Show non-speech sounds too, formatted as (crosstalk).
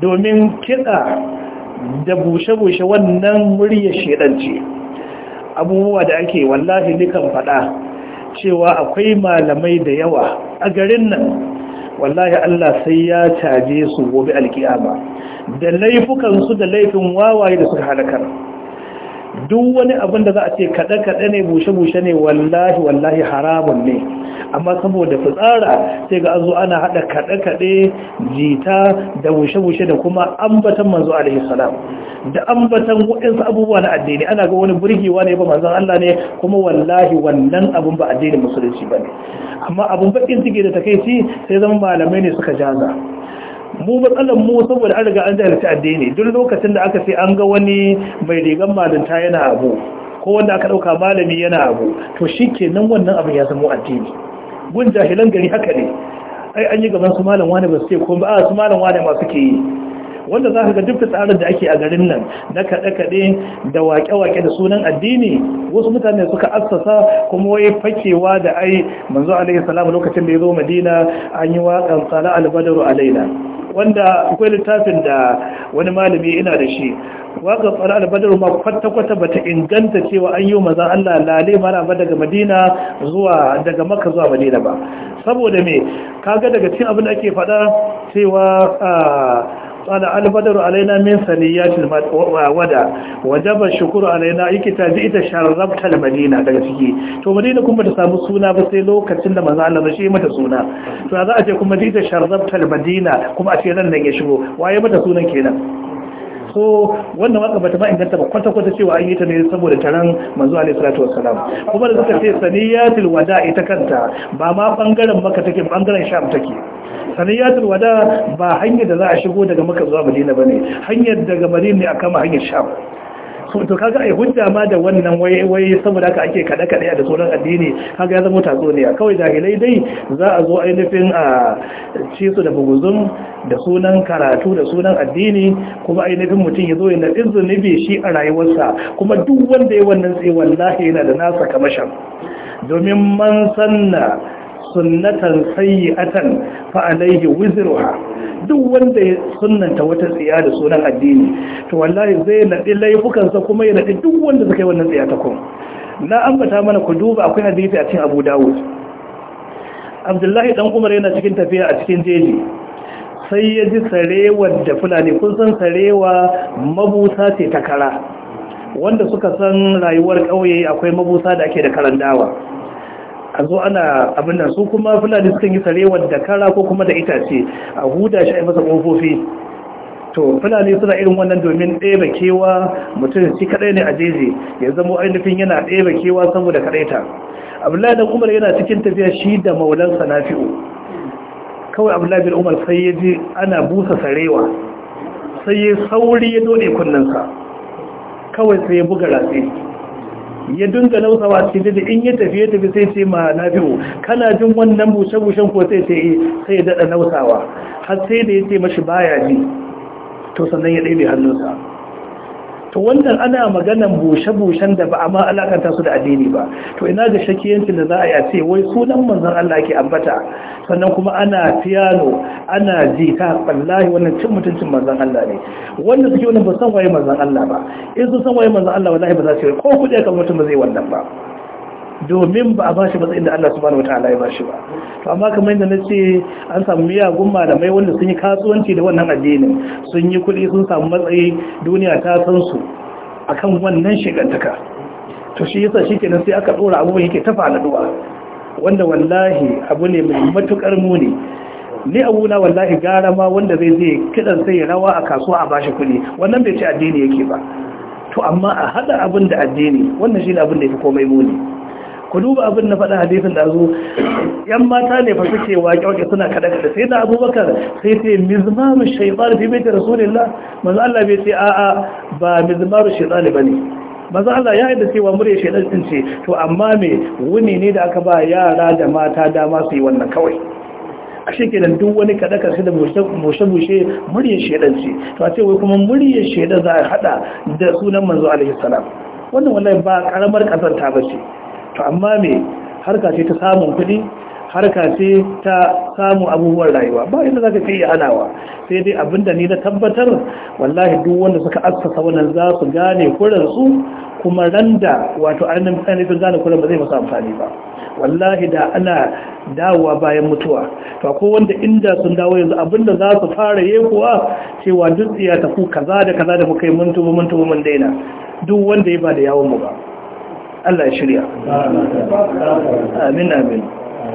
domin kiɗa da bushe-bushe wannan muryar shaɗance, abubuwa da ake wallahi nikan faɗa cewa akwai malamai da yawa a garin nan wallahi Allah sai ya caje su gobe alkiyama da laifukansu da laifin wawaye da suka halakar duk wani abin da za a ce kaɗe-kaɗe ne bushe-bushe ne wallahi wallahi haramun ne amma saboda fitsara sai ga an ana haɗa kaɗe-kaɗe jita da bushe-bushe da kuma ambatan manzo alaihi salam da ambatan waɗansu abubuwa na addini ana ga wani burgewa ne ba manzon Allah ne kuma wallahi wannan abun ba addinin musulunci ba ne amma abun bakin cike da takaici sai zama malamai ne suka jaza mu matsalar mu saboda an riga an jahilci addini duk lokacin da aka sai an ga wani mai rigan malinta yana abu ko wanda aka ɗauka malami yana abu to shi kenan wannan abin ya zama addini gun jahilan gari haka ne ai an yi gaban su malam wane ba su ce ko ba a su malam wane ma suke yi wanda za ka ga duk tsarin da ake a garin nan na kaɗe-kaɗe da waƙe-waƙe da sunan addini wasu mutane suka assasa kuma wai fakewa da ai manzo alaihi salam lokacin da ya zo madina an yi waƙan tsara albadaru alaina wanda akwai littafin da wani malami ina da shi waga tsara albadar ma kwata-kwata ba ta inganta cewa an yi maza Allah lale mara ba daga madina zuwa daga maka zuwa madina ba saboda me kaga daga cikin abin da ake faɗa cewa قال البدر علينا من ثنيات الوداع shukuru الشكر علينا ikita ji ita sharrabta madina daga ciki to madina kuma ta samu suna ba sai lokacin da maza Allah shi mata suna to za a ce kuma ji ita sharrabta al-madina kuma a ce nan nan ya shigo waye mata sunan kenan Ko wannan waka bata ma inganta ba kwata kwata cewa an yi ta ne saboda taron manzo alayhi salatu wassalam kuma da suka ce saniyatul wada ita kanta ba ma bangaren maka take bangaren sham take saniyatul wada ba hanyar da za a shigo daga maka zuwa madina bane hanyar daga madina ne a kama hanyar sham (laughs) to kaga ai hujja ma da wannan wai wai saboda haka ake kada kada da sauran addini kaga ya zama tatsuniya kawai jahilai dai za a zo ainihin a ci su da buguzun da sunan karatu da sunan addini kuma ainihin mutum ya zo ya nafi zunubi shi a rayuwarsa kuma duk wanda ya wannan sai wallahi yana da nasa kamashin domin man sanna sunnatan sayyi'atan fa alayhi wizruha duk wanda ya sunanta wata tsiya da sunan addini to wallahi zai naɗi laifukansa kuma ya naɗi duk wanda suka yi wannan tsiya ta kuma na ambata mana ku duba akwai hadisi a cikin abu dawud abdullahi dan umar yana cikin tafiya a cikin jeji sai ya ji sarewar da fulani kun san sarewa mabusa ce ta kara wanda suka san rayuwar ƙauye akwai mabusa da ake da karandawa a zo ana abin nan su kuma fulani sukan yi sarewa da kara ko kuma da itace a huda shi a masa ƙofofi to fulani suna irin wannan domin ɗeba kewa mutum shi kaɗai ne a jeji ya zama ainihin yana ɗeba kewa saboda kaɗaita abdullahi da umar yana cikin tafiya shi da maulan sanafi'u kawai abdullahi bin umar sai ya ji ana busa sarewa sai ya sauri ya dole kunnensa kawai sai ya buga ratsi ya dinga nausawa cikin da in ya tafi ya tafi sai ce ma na biyu kana jin wannan bushe-bushen ko sai ce eh, sai ya daɗa nausawa har sai da ya ce mashi baya ji to sannan ya ɗaiɗe hannunsa to wannan ana maganan bushe-bushen da ba a ma alakanta su da addini ba to ina ga shakiyancin da za a yi a ce wai sunan manzon Allah ke ambata sannan kuma ana fiyano, ana jita wallahi wannan cin mutuncin manzon Allah ne wanda suke wannan ba san waye manzon Allah ba in sun san waye manzon Allah wallahi ba za su yi ko kudi kan mutum ba zai wannan ba domin ba a bashi matsayin da Allah subhanahu wataala ya bashi ba to amma kamar yadda ce an samu miyagun malamai wanda sun yi kasuwanci da wannan addinin sun yi kuɗi sun samu matsayi duniya ta san su akan wannan shigantaka to shi yasa shi nan sai aka dora abubuwan yake ta faɗaɗuwa wanda wallahi abu ne mai matukar muni ni abuna wallahi gara ma wanda zai zai kidan sai ya rawa a kasuwa a bashi kuɗi wannan bai ci addini yake ba to amma a hada abin da addini wannan shi ne abin da ya fi komai muni ku duba abin na faɗa hadisin da zo yan mata ne fa suke waƙe waƙe suna kada kada sai da abubakar sai sai mizmaru shaytan fi baiti rasulillah manzo Allah bai ce a'a ba mizmaru shaytan bane manzo Allah ya yadda cewa murya shaytan din ce to amma me wuni ne da aka ba yara da mata dama su yi wannan kawai a kenan duk wani kada karshe da bushe-bushe murya shaidan ce to a ce wai kuma murya shaidan za a hada da sunan manzo alaihi salam wannan wallahi ba karamar kasar ta bace To amma mai harka ce ta samun kuɗi harka ce ta samun abubuwan rayuwa ba inda zaka kai anawa sai dai abinda ni na tabbatar wallahi duk wanda suka assasa wannan za su gane kuran su kuma randa wato annan tsanifin gane kuran ba zai masa amfani ba wallahi da ana dawowa bayan mutuwa to ko wanda inda sun dawo yanzu abinda za su fara yi kuwa cewa duk tsiya ta ku kaza da kaza da muka yi mun tuba mun mun daina duk wanda ya ba da yawon mu ba ألا يشريع منا منا